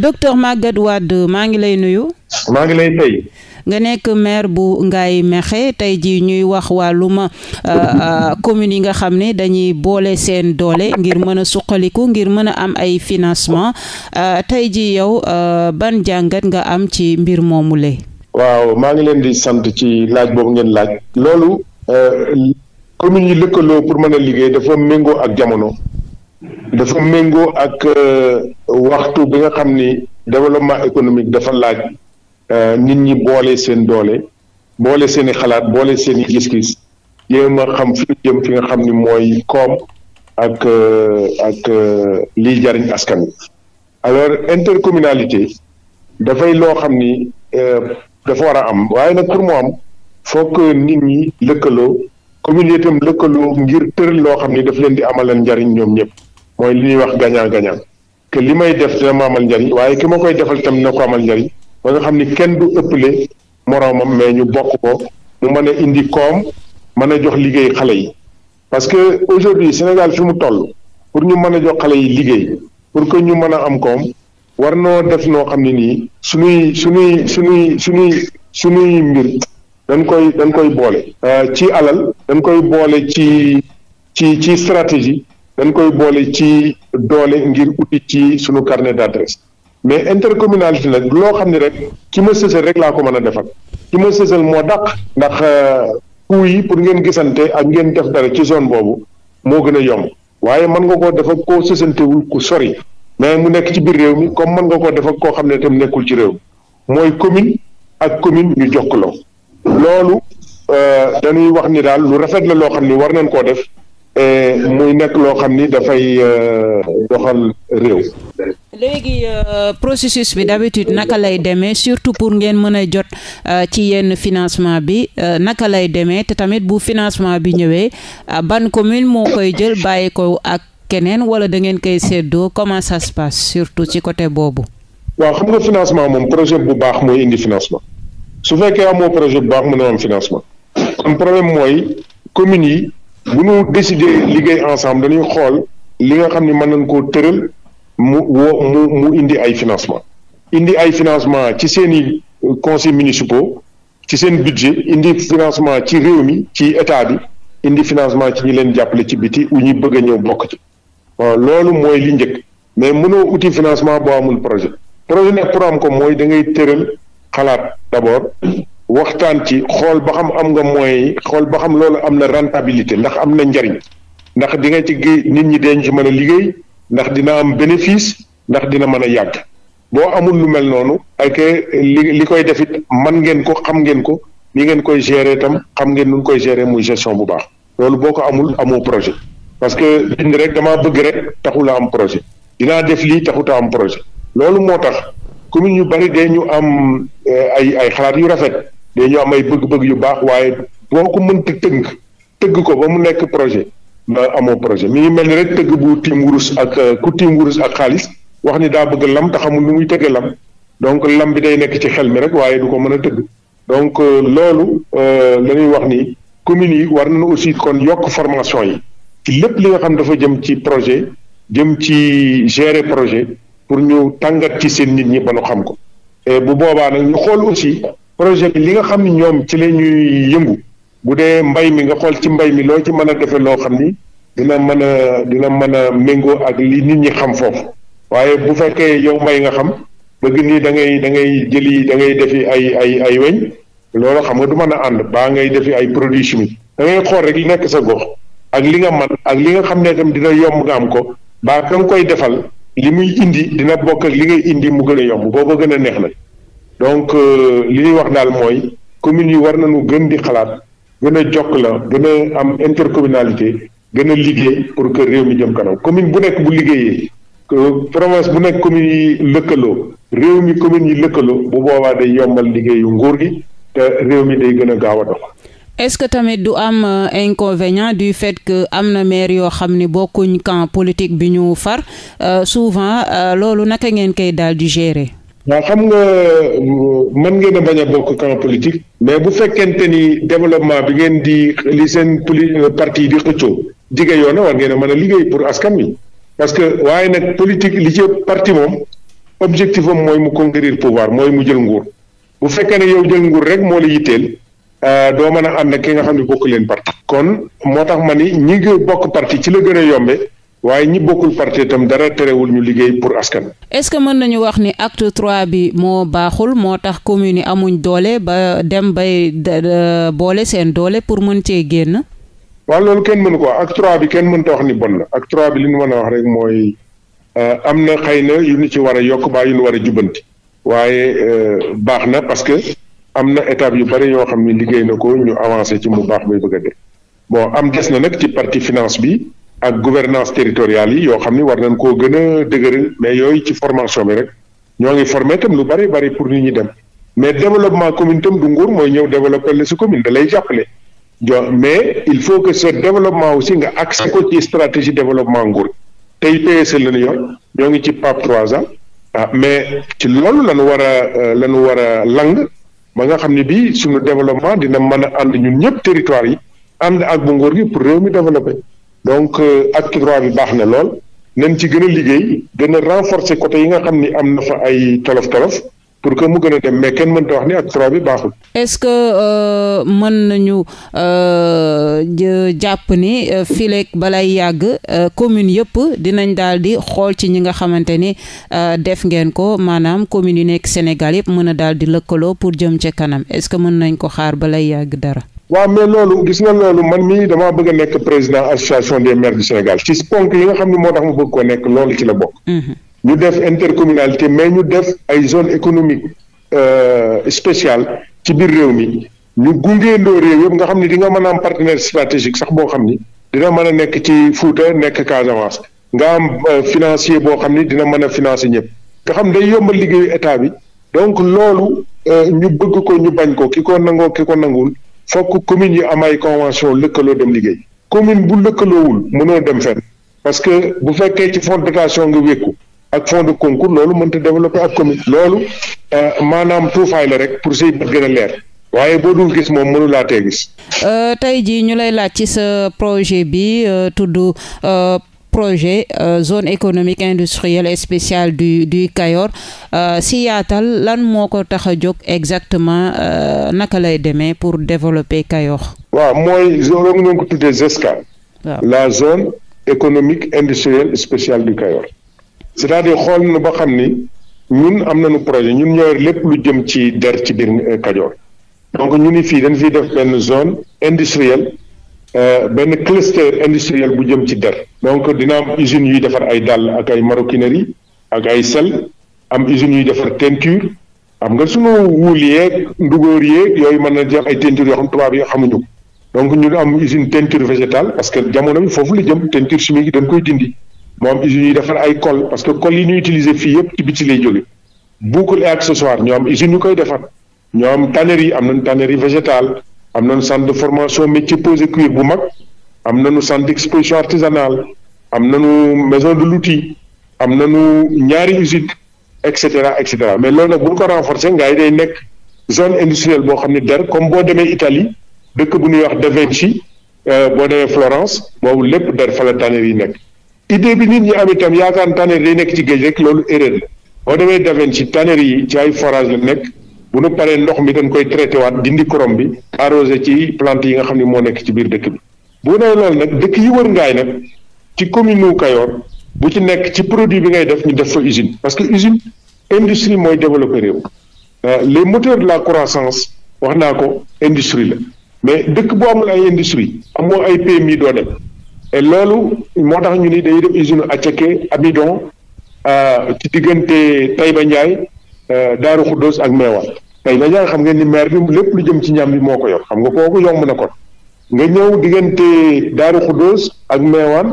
docteur Magatte Wade maa ngi lay nuyu. maa ngi lay fay. nga nekk maire bu Ngaye mexe tey jii ñuy wax ma euh, euh, communes yi nga xam ne dañuy boole seen doole ngir mën a suqaliku ngir mën a am ay financement euh, tey jii yow ban jàngat nga am ci mbir moomu le waaw maa ngi leen di sant ci laaj boobu ngeen laaj. loolu communes yi lëkkaloo pour mën a liggéey dafa méngoo ak jamono. dafa méngoo ak euh, waxtu bi nga xam ni développement économique dafa laaj euh, nit ñi boole seen doole boole seen i xalaat boole seen i gis-gis xam fi jëm fi nga xam ni mooy koom ak euh, ak liy jariñ askan wi alors intercommunalité dafay loo xam ni dafa war a am waaye nag pour mu am foog nit ñi lëkkaloo communauté am lëkkaloo ngir tëral loo xam ni daf leen di amalan njariñ ñoom ñëpp. mooy li ñuy wax gagnant gagnant que li may def dina ma amal njariñ waaye ki ma koy defal itam dina ko amal njariñ ba nga xam ni kenn du ëpp ëppale moroomam mais ñu bokk ko mu mën a indi koom mën a jox liggéey xale yi parce que aujourd'hui Sénégal fi mu toll pour ñu mën a jox xale yi liggéey pour que ñu mën a am koom war noo def noo xam ne nii su suñuy suñuy suñuy su suñuy mbir dañ koy dañ koy boole euh, ci alal dañ koy boole ci ci ci stratégie dañ koy boole ci doole ngir uti ci suñu carnet d'adresse mais intercommunalité nag loo xam ne rek ki ma sësal rek laa ko mën a defal ki ma sësal moo dàq ndax euh, coût yi pour ngeen gisante ak ngeen def dara ci zone boobu moo gën a yomb waaye mën nga koo dafa koo sësantewul ku sori mais mu nekk ci biir réew mi comme mën nga koo dafa koo xam ne tam nekkul ci réew mooy commune ak commune ñu jokkaloo loolu euh, danuy wax ni daal lu rafet la loo xam ni war nañ koo def Euh, muy nekk loo xam ni dafay euh, doxal réew. léegi euh, processus bi d'habitude naka lay demee surtout pour ngeen mën a jot ci yenn financement bi naka lay demee te tamit bu financement bi ñëwee ban commune moo koy jël bàyyi ko ak keneen wala da ngeen koy seddoo comment ça se surtout ci côté boobu. waaw xam nga financement moom projet bu baax mooy indi financement su fekkee amoo projet bu baax mën a am financement kon problème mooy communes yi. bu ñu décider liggéey ensemble dañuy xool li nga xam ni mën nañ koo tëral mu woo mu mu indi ay financement indi ay financement ci seen i conseils municipaux ci seen budget indi financement ci réew mi ci état bi indi financement ci ñu leen jàppale ci biti u ñuy bëgg a ñëw bokk ci waaw loolu mooy li njëkk mais mënoo uti financement boo amul projet projet nag pour am ko mooy da ngay tëral xalaat d'abord waxtaan ci xool ba xam am nga mooy xool ba xam loolu am na rentabilité ndax am na njariñ ndax di nga ci géey nit ñi dañ ci mën a liggéey ndax dina am bénéfice ndax dina mën a yàgg boo amul lu mel noonu ak li li koy def it man ngeen ko xam ngeen ko ni ngeen koy gérer itam xam ngeen nu koy gérer muy gestion bu baax loolu boo ko amul amoo projet parce que bind rek damaa bëgg rek taxula am projet dinaa def lii taxuta am projet loolu moo tax commune yu bari de ñu am euh, ay ay xalaat yu rafet dañoo am ay bëgg-bëgg yu baax waaye boo ko mënta tënk tëgg ko ba mu nekk projet ba amoo projet mi ngi mel ni rek tëgg bu tiim wurus ak euh, ku tiim wurus ak xaalis wax ni daa bëgg lam te xamul nu muy tëgg lam donc lam bi day nekk ci xel mi rek waaye du ko mën a tëgg donc euh, loolu euh, la ñuy wax ni communes yi war nañu aussi kon yokk formation yi ci lépp li nga xam dafa jëm ci projet jëm ci gérer projet pour ñu tàngat ci seen nit ñi ba nu xam ko bu boobaa nag aussi projet li nga xam ni ñoom ci la ñuy yëngu bu dee mbay mi nga xool ci mbay mi loo ci mën a defee loo xam ni dina mën a dina mën a méngoo ak li nit ñi xam foofu waaye bu fekkee yow mbay nga xam bëgg nii da ngay da ngay jëli da ngay defi ay ay ay weñ loolu xam nga du mën a ànd baa ngay defi ay produits chimiques da ngay xool rek li nekk sa gox ak li nga man ak li nga xam ne tam dina yomb nga am ko baa ka koy defal li muy indi dina bokk ak li nga indi mu gën a yomb booba gën a neex na donc euh, li ñuy wax daal mooy communes yi war nañu gën di xalaat gën a jokk la gën a am intercommunalité gën a liggéey pour que réew mi jëm kanam commune bu nekk bu liggéeyee province bu nekk commune yi lëkkaloo réew mi commune yi lëkkaloo bu boobaa day yombal liggéeyu nguur gi te réew mi day gën a gaaw a est-ce que tamit du am euh, inconvénient du fet que am na maire yoo xam ni bokkuñ camp politique bi ñu far euh, souvent loolu naka ngeen kay daal di gérer. waaw xam nga euh, mën ngeen a bañ a bokk camp politique. mais bu fekkente ni développement bi ngeen di li seen poli euh, parti di xëccoo jigéen yoon war ngeen a mën a liggéey pour askan wi parce que waaye nag politique li ci parti moom objectif am mooy mu conquérir pouvoir mooy mu jël nguur bu fekkee ne yow jël nguur rek moo la yitteel. Uh, doo mën a ànd ak ki nga xam ne bokk leen parti kon moo tax ma ni ñi ngi bokk parti ci la gën a yombe waaye ñi bokkul parti itam dara terewul ñu liggéey pour askan. est-ce que mën nañu wax ni acte trois bi moo baaxul moo tax communes yi amuñ doole ba dem bay boole seen doole pour mën cee génn. waaw loolu kenn mënu ko acte trois bi kenn mënta wax ni bon la acte trois bi li ñu mën a wax rek mooy euh, am na xëy na yu ñu ci war a yokk baa yu ñu war a jubbanti. waaye euh, baax na parce que am na étape yu bari yoo xam ne liggéey na ko ñu avancé ci mu baax bay bëgg a dee bon am des na nag ci parti finance bi. ak gouvernance territoriale yi yoo xam ni war nañ koo gën a dëgëral mais yooyu ci formation bi rek ñoo ngi formé tam lu bari bari pour nit ñi dem mais développement commune itam du nguur mooy ñëw développé la commune da lay jàppale jo mais il développement aussi nga accès ko ci stratégie développement nguur tey PSE ñoo ngi ci PAP 3 ans ah, mais ci loolu lañu war a euh, lañu war a lang ba nga xam ni bii suñu développement dina mën a ànd ñun ñëpp territoire yi ànd ak bu nguur gi pour réew mi développé donc euh, acte trois bi baax na lool nañ ci gën a liggéey gën a renforcer côté yi nga xam ni am na fa ay tolof tolof pour que mu gën a dem mais kenn mënta wax ni acte bi baaxul. est-ce que euh, mën nañu euh, jàpp ni fileeg balay yàgg commune yëpp dinañ daal di xool ci ñi nga xamante ni def ngeen ko maanaam commune yu nekk Sénégal yëpp mën na daal di lëkkaloo pour jëm ca kanam est-ce que mën nañ ko xaar balay yàgg dara. waaw mais loolu gis nga loolu man mii damaa bëgg a nekk président association des maires du Sénégal ci ponk yi nga xam ne moo tax ma bëgg ko nekk loolu ci la bokk. Mhm. ñu def intercommunalité mais ñu def ay zone économique euh, spéciale ci biir réew mi ñu gungeendoo yëpp nga xam ni di nga mën a am partenaire stratégique sax boo xam ni dina mën a nekk ci Fouta nekk Casamance nga am euh, financier boo xam ni dina mën a financer ñëpp nga xam day yombal liggéeyu état bi donc loolu euh, ñu bëgg ko ñu bañ ko ki ko nangoo ki ko nanguwul. fokk commune yi am ay convention lëkkaloo dem liggéey commune bu lëkkaloowul mënoo dem fenn parce que bu fekkee ci fonds de dotation nga wékku ak fonds de concours loolu mënta développer ak commune loolu euh, maanaam tuufaay la rek pour say bët gën a leer waaye boo dul gis moom mënu laa tee gis. Euh, tey jii ñu lay laaj ci sa projet bi euh, tudd. projet euh, zone économique industrielle et spéciale du du Kayor euh, si yaatal lan moo ko tax a jóg exactement euh, naka lay demee pour développer Kayor. waaw mooy zone la ñu ko tuddee ZESCA. waaw la zone économique industrielle spéciale du Kayor. c'est-à-dire xool na ba xam ni ñun am nañu projet ñun ñooy lépp lu jëm ci der ci biir euh, Kajoor donc ñu fii dañ fiy def benn zone industrielle Euh, benn cluster industriel bu jëm ci der donc dina am usines yuy defar ay dàll ak ay maroquinerie ak ay sel am usines yuy defar teinture xam nga sunu wuul yeeg ndugóor yeeg yooyu mën na def ay teinture yoo xam tubaab yi xamuñu donc ñu am usine teinture végétale parce que jamono bi foofu la jëm teinture chimique yi dañ koy dindi moom am usines defar ay col parce que col yi ñuy utiliser fii yëpp ci biti lay jóge boucle et accessoire ñoo am usines yu koy defar ñoo am tannerie am nañ tannerie végétale am na nañu centre de formation métier pose cuir bu mag am na nañu centre d'exposition artisanale am na nañu maison de l'outil am na nu ñaari usine et cetera et cetera mais loolu nag bu ñu ko renforcer nga yi day nekk zone industrielle boo xam ne dar comme boo demee Italie dëkk bu ñuy wax Da Vinci euh, boo demee Florence boobu lépp dar fa la tannerie yi nekk idée bi nit ñi am itam yaakaar tannerie day nekk ci géej rek loolu erreur la boo demee Da Vinci tannerie yi ci ay forage la nekk bu nu paree ndox mi dañ koy traité waat dindi korom bi arrosé ci plante yi nga xam ne moo nekk ci biir dëkk bi boo nee loolu nag dëkk yi wër ngaay nag ci commune wu Kayoor bu ci nekk ci produit bi ngay def ñu def fa usine parce que usine industrie mooy développé réew euh, les moteurs de la croissance wax naa ko industrie la mais dëkk boo amul ay industrie amoo ay PMI doo dem et loolu moo tax ñu ni dañuy def usine Attiéké Amidon euh, ci diggante Taïba Ndiaye Euh, Daaru Xuddoos ak Meewaan tey Badiane xam ngeen ni maire bi lépp lu jëm ci ñam bi moo ko yor xam nga kooku yomb na kon nga ñëw diggante Daaru Xuddoos ak Meewaan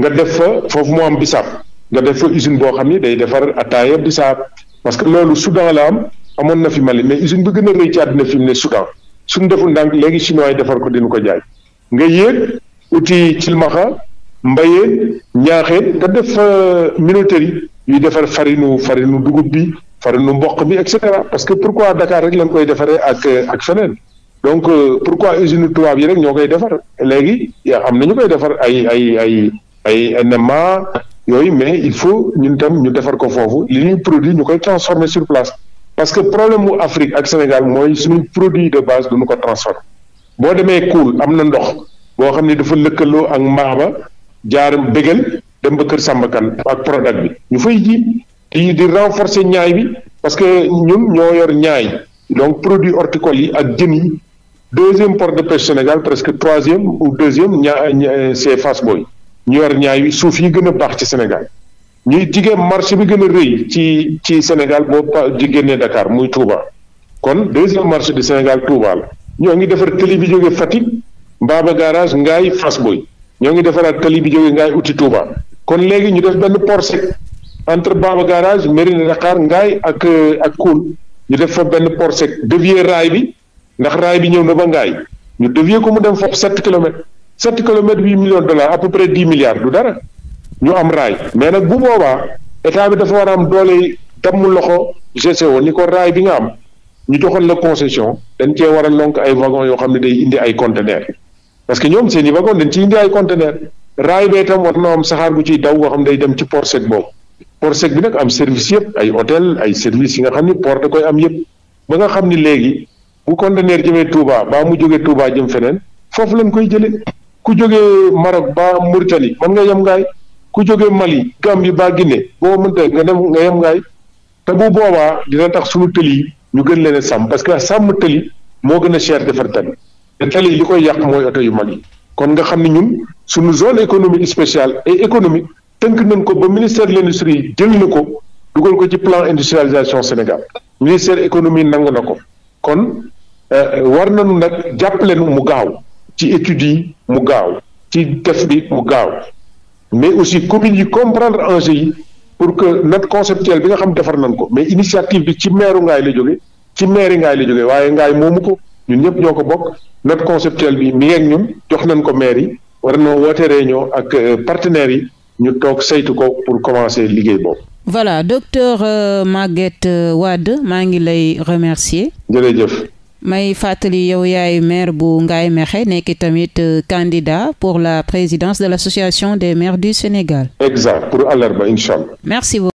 nga def fa foofu moo am bisaab nga def fa usine boo xam ni day defar ataaya bisaab parce que loolu Soudan la am na fi Mali mais usine bi gën a rëy ci àddina fi mu ne Soudan suñ deful ndànk léegi chinois yi defar ko dina ko jaay nga yéeg uti cilmaxa mbayee ñaaxee nga def fa minoterie yi yuy defar farinu farinu dugub bi farine mboq bi et cetera parce que pourquoi Dakar rek lañ koy defaree ak ak feneen donc euh, pourquoi usine tubaab yi rek ñoo koy defar léegi am na ñu koy defar ay ay ay ay NMA yooyu mais il faut ñun tam ñu defar ko foofu li ñuy produit ñu koy transformer sur place parce que problème mu Afrique ak Sénégal mooy suñu produit de base duñu ko transformer boo demee Koul am na ndox boo xam ne dafa lëkkaloo ak Maaba jaar Bégal dem ba Kër Samba ak Prodac bi ñu di di renforcer ñaay bi parce que ñun ñoo yor ñaay donc produit horticole yi ak jën yi deuxième port de pêche Sénégal presque troisième ou deuxième ñaa c'est Fass Boy ñu yor ñaay bi suuf yi gën a baax ci Sénégal ñuy jigéen marché bi gën a rëy ci ci Sénégal boobu jigéen génnee Dakar muy Touba kon deuxième marché du Sénégal Touba la ñoo ngi defar tali bi jóge Fatick Mbaba garage Ngaye Fass Boy ñoo ngi defaraat tali bi jóge Ngaye uti Touba kon léegi ñu def benn port sec entre Bamba Garage Mérina Dakar Ngaay ak euh, ak Koul ñu def fa benn port sec dévier raay bi ndax raay bi ñëw na ba Ngaay ñu dévier ko mu dem fa sept kilomètres sept kilomètres huit millions de dollars à près dix milliards du dara ñu am raay mais nag bu boobaa état bi dafa war a am doole damm loxo GCO ni ko raay bi nga am ñu joxoon la concession dañ cee war a lonk ay wagon yoo xam ne day indi ay conteneurs parce que ñoom seen i wagon dañ ciy indi ay conteneurs raay bee tam war na am ciy daw boo xam day dem ci port sec port sec bi nag am service yëpp ay hôtel ay service yi nga xam ni port da koy am yëpp ba nga xam ni léegi bu conteneur jëmee Touba baa mu jógee Touba jëm feneen foofu lañ koy jëlee ku jógee Maroc ba Mauritanie mën nga yem ngaay ku jógee Mali Gambie ba ginne boo mënta nga dem nga yem ngaay te bu boobaa dina tax suñu tëli ñu gën leen a sàmm parce que sàmm tëli moo gën a cher defar tali te tali yi li koy yàq mooy oto yu mag yi kon nga xam ni ñun suñu zone économique spéciale économique tënk nañ ko ba ministère de l' industrie jël na ko dugal ko ci plan industrialisation Sénégal ministère économie nangu na ko kon euh, war nañu nag jàppale nu mu gaaw ci études yi mu gaaw ci def bi mu gaaw mais aussi communes yi comprendre enjeu yi pour que note conceptuelle bi nga xam defar nañ ko mais initiative bi ci meeru ngay la jóge ci meeri ngaay la jóge waaye ngaay moomu ko ñun ñëpp ñoo ko bokk note conceptuelle bi mi ngeeg ñun jox nañ ko maire yi war na wootee réunion ak euh, partenaires yi ñu toog saytu ko pour commencer liggéey voilà docteur euh, Maguette euh, Wade maa ngi lay remercier. jërëjëf. may fàttali yow yaay maire bu Ngaye Mekhe nekk tamit euh, candidat pour la présidence de l' association des maires du Sénégal. exact pour àllarba incha